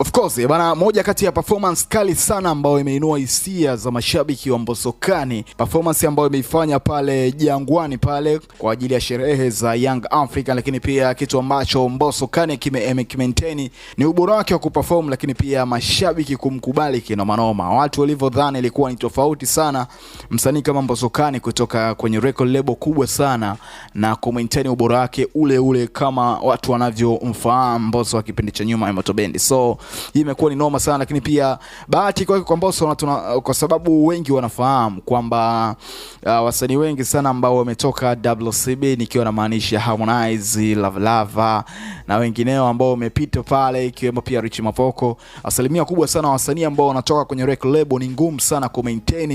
Of course bana, moja kati ya performance kali sana ambayo imeinua hisia za mashabiki wa Mbosokani, performance ambayo imeifanya pale Jangwani pale kwa ajili ya sherehe za Young Africa, lakini pia kitu ambacho Mbosokani kime maintain ni ubora wake wa kuperform, lakini pia mashabiki kumkubali kina manoma. Watu walivyodhani ilikuwa ni tofauti sana, msanii kama Mbosokani kutoka kwenye record label kubwa sana na kumaintain ubora wake ule ule kama watu wanavyomfahamu Mbosso wa kipindi cha nyuma ya Motobendi so hii imekuwa ni noma sana, lakini pia bahati kwake kwa Mbosso kwa, kwa sababu wengi wanafahamu kwamba uh, wasanii wengi sana ambao wametoka WCB nikiwa na maanisha Harmonize, Lava Lava na wengineo ambao wamepita pale, ikiwemo pia Rich Mavoko. Asilimia kubwa sana wasanii ambao wanatoka kwenye rec label ni ngumu sana ku maintain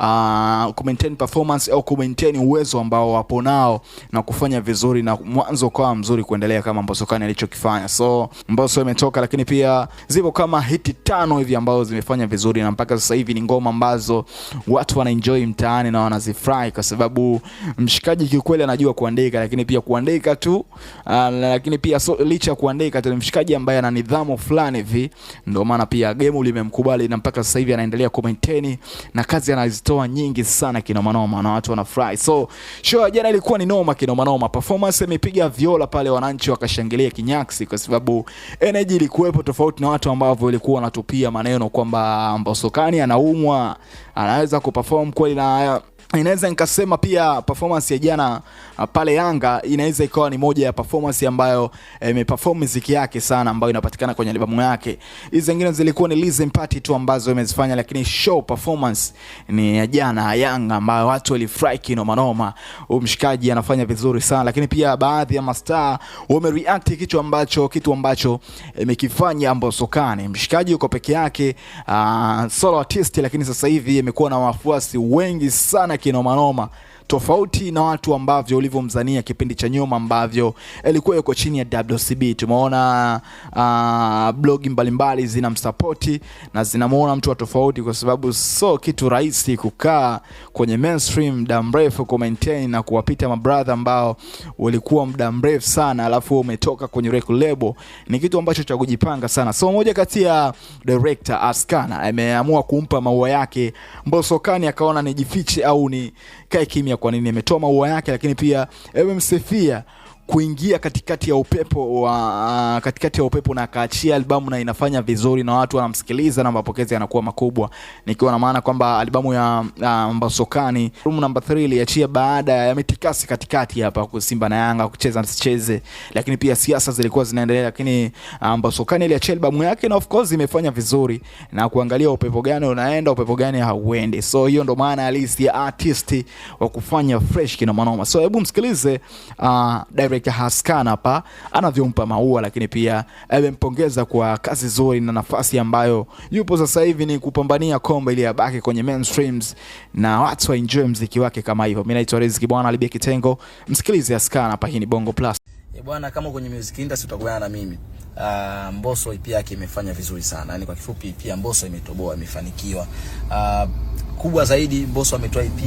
uh, ku maintain performance au ku maintain uwezo ambao wapo nao na kufanya vizuri na mwanzo kwa mzuri kuendelea kama Mbosso Khan alichokifanya. So Mbosso imetoka, lakini pia zipo kama hiti tano hivi ambazo zimefanya vizuri na mpaka sasa hivi ni ngoma ambazo watu wana enjoy mtaani na wanazifurahi kwa sababu mshikaji kiukweli anajua kuandika, lakini pia kuandika tu uh, lakini pia so licha ya kuandika ikatili mshikaji ambaye ana nidhamu fulani hivi, ndio maana pia game limemkubali na mpaka sasa hivi anaendelea kumaintain na kazi anazitoa nyingi sana kina manoma na watu wanafurahi. So show jana ilikuwa ni noma kina manoma performance imepiga viola pale, wananchi wakashangilia kinyaksi, kwa sababu energy ilikuwepo tofauti na watu ambao walikuwa wanatupia maneno kwamba Mbosokani anaumwa, anaweza kuperform kweli na Inaweza nikasema pia performance ya jana uh, pale Yanga inaweza ikawa ni moja ya performance ambayo eh, imeperform eh, muziki yake sana ambayo inapatikana kwenye albamu yake. Hizo zingine zilikuwa ni listen party tu ambazo imezifanya, lakini show performance ni ya jana Yanga ambayo watu walifurahi kinoma noma. Umshikaji anafanya vizuri sana, lakini pia baadhi ya mastaa wame react kitu ambacho kitu ambacho eh, imekifanya eh, Mbosokani. Mshikaji yuko peke yake, uh, solo artist, lakini sasa hivi imekuwa na wafuasi wengi sana Kinoma Noma tofauti na watu ambavyo ulivyomzania kipindi cha nyuma ambavyo alikuwa yuko chini ya WCB. Tumeona uh, blogi mbalimbali zinamsapoti na zinamuona mtu wa tofauti, kwa sababu so kitu rahisi kukaa kwenye mainstream muda mrefu ku maintain na kuwapita mabradha ambao walikuwa muda mrefu sana, alafu umetoka kwenye record label, ni kitu ambacho cha kujipanga sana. So moja kati ya director Askana ameamua kumpa maua yake Mbosokani, akaona nijifiche au ni kae kimya kwa nini ametoa maua yake, lakini pia amemsifia kuingia katikati ya upepo wa ah, katikati ya upepo na akaachia albamu na inafanya vizuri na watu wanamsikiliza na mapokezi yanakuwa makubwa, nikiwa na maana kwamba albamu ya uh, Mbasokani room number 3 iliachia baada ya mitikasi katikati hapa kwa Simba na Yanga kucheza nsicheze, lakini pia siasa zilikuwa zinaendelea, lakini uh, ah, Mbasokani iliachia albamu yake na of course imefanya vizuri na kuangalia upepo gani unaenda upepo gani hauendi. So hiyo ndo maana halisi ya artist wa kufanya fresh kina manoma. So hebu msikilize uh, mashabiki Hassan hapa anavyompa maua, lakini pia amempongeza kwa kazi nzuri na nafasi ambayo yupo sasa hivi ni kupambania kombe ili abaki kwenye mainstreams na watu wa enjoy muziki wake kama hivyo. Mimi naitwa Riziki bwana alibia kitengo, msikilize Hassan hapa. Hii ni Bongo Plus eh, bwana, kama kwenye music industry utakutana na mimi Uh, ah, mboso EP yake imefanya vizuri sana. Yaani kwa kifupi EP ya Mbosso imetoboa, imefanikiwa. Uh, kubwa zaidi mboso ametoa EP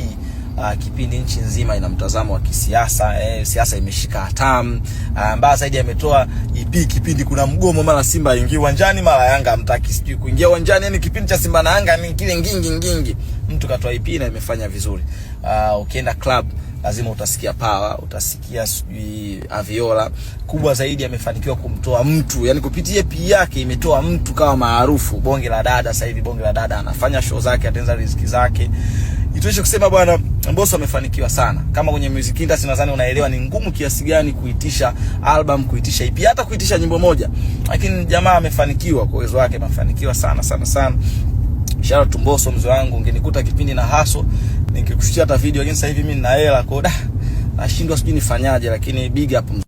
uh, kipindi nchi nzima ina mtazamo wa kisiasa eh, siasa imeshika hatamu uh, mbaya zaidi ametoa EP kipindi kuna mgomo, mara Simba aingie uwanjani, mara Yanga amtaki sijui kuingia uwanjani, yani kipindi cha Simba na Yanga ni kile ngingi ngingi, mtu katoa EP na imefanya vizuri. Uh, ukienda club lazima utasikia Pawa, utasikia sijui Aviola. Kubwa zaidi amefanikiwa kumtoa mtu, yani kupitia EP yake imetoa mtu kama maarufu, bonge la dada. Sasa hivi bonge la dada anafanya show zake, atenza riziki zake Itoshe kusema bwana Mbosso amefanikiwa sana. Kama kwenye music industry nadhani unaelewa ni ngumu kiasi gani kuitisha album, kuitisha EP, hata kuitisha nyimbo moja. Lakini jamaa amefanikiwa kwa uwezo wake, amefanikiwa sana sana sana. Shout out to Mbosso mzee wangu, ungenikuta kipindi na haso ningekushia hata video, lakini sasa hivi mimi nina hela kwa da. Nashindwa sijui nifanyaje, lakini big up